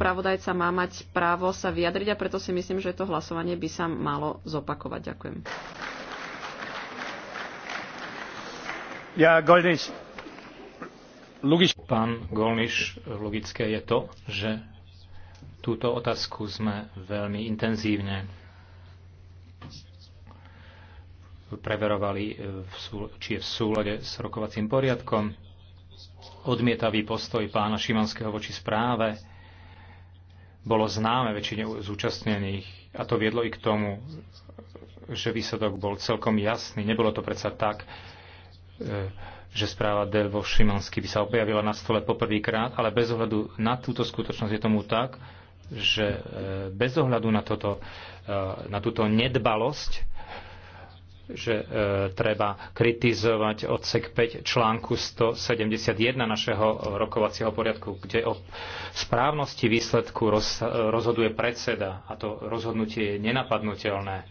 spravodajca má mať právo sa vyjadriť a preto si myslím, že to hlasovanie by sa malo zopakovať. Ďakujem. Ja, Pán Golniš, logické je to, že túto otázku sme veľmi intenzívne preverovali, či je v súlade s rokovacím poriadkom odmietavý postoj pána Šimanského voči správe bolo známe väčšine zúčastnených a to viedlo i k tomu, že výsledok bol celkom jasný. Nebolo to predsa tak, e, že správa Delvo Šimansky by sa objavila na stole poprvýkrát, ale bez ohľadu na túto skutočnosť je tomu tak, že e, bez ohľadu na, toto, e, na túto nedbalosť že e, treba kritizovať odsek 5 článku 171 našeho rokovacieho poriadku, kde o správnosti výsledku roz, rozhoduje predseda a to rozhodnutie je nenapadnutelné.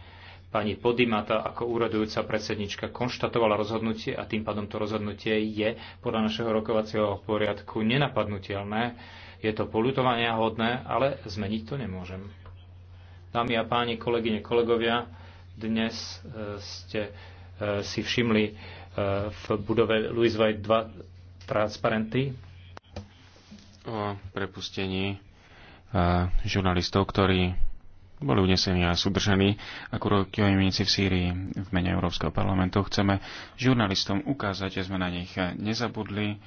Pani Podimata ako úradujúca predsednička konštatovala rozhodnutie a tým pádom to rozhodnutie je podľa našeho rokovacieho poriadku nenapadnutelné. Je to polutovania hodné, ale zmeniť to nemôžem. Dámy a páni, kolegyne, kolegovia, dnes e, ste e, si všimli e, v budove Louis White 2 transparenty o prepustení žurnalistov, ktorí boli unesení a sú držaní ako rokojemníci v Sýrii v mene Európskeho parlamentu. Chceme žurnalistom ukázať, že sme na nich nezabudli,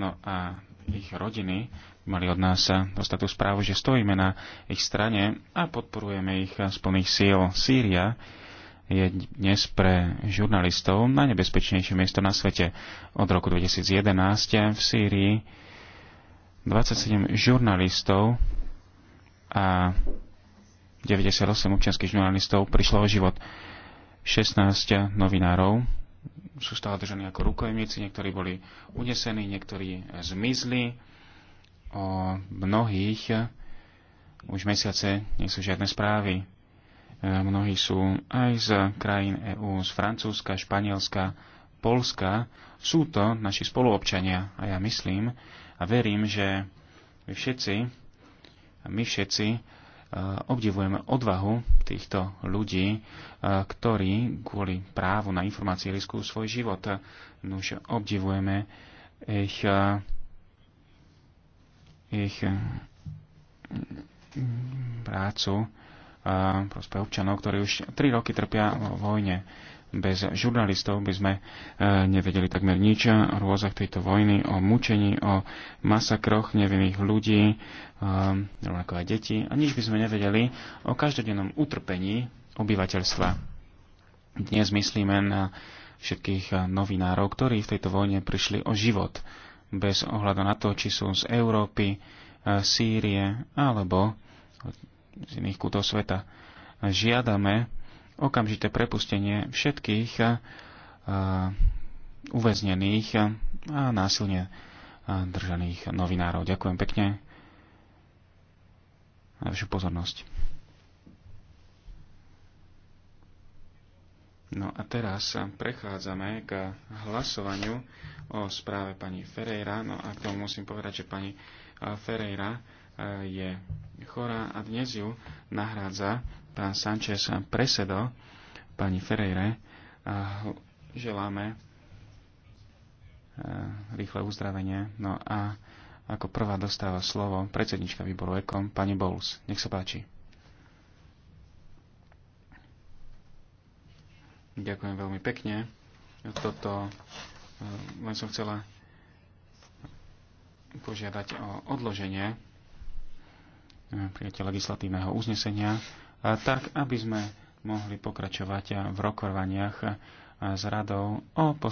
no a ich rodiny mali od nás dostať tú správu, že stojíme na ich strane a podporujeme ich z plných síl. Sýria je dnes pre žurnalistov najnebezpečnejšie miesto na svete. Od roku 2011 v Sýrii 27 žurnalistov a 98 občianských žurnalistov prišlo o život. 16 novinárov sú stále držaní ako rukojemníci, niektorí boli unesení, niektorí zmizli. O mnohých už mesiace nie sú žiadne správy. Mnohí sú aj z krajín EÚ, z Francúzska, Španielska, Polska. Sú to naši spoluobčania a ja myslím a verím, že vy všetci, my všetci e, obdivujeme odvahu týchto ľudí, e, ktorí kvôli právu na informácie riskujú svoj život. Nuž obdivujeme ich, e, ich prácu a občanov, ktorí už 3 roky trpia vo vojne. Bez žurnalistov by sme e, nevedeli takmer nič o rôzach tejto vojny, o mučení, o masakroch nevinných ľudí, e, rovnako aj detí. A nič by sme nevedeli o každodennom utrpení obyvateľstva. Dnes myslíme na všetkých novinárov, ktorí v tejto vojne prišli o život, bez ohľadu na to, či sú z Európy, e, Sýrie alebo z iných kútov sveta. Žiadame okamžité prepustenie všetkých uväznených a násilne držaných novinárov. Ďakujem pekne za vašu pozornosť. No a teraz prechádzame k hlasovaniu o správe pani Ferreira. No a k tomu musím povedať, že pani eh, Ferreira eh, je chorá a dnes ju nahrádza pán Sanchez eh, presedo pani Ferreira. A želáme rýchle uzdravenie. No a ako prvá dostáva slovo predsednička výboru EKOM, pani Bowles. Nech sa páči. Ďakujem veľmi pekne. Toto eh, len som chcela požiadať o odloženie eh, prijatia legislatívneho uznesenia, tak aby sme mohli pokračovať v rokovaniach eh, s radou o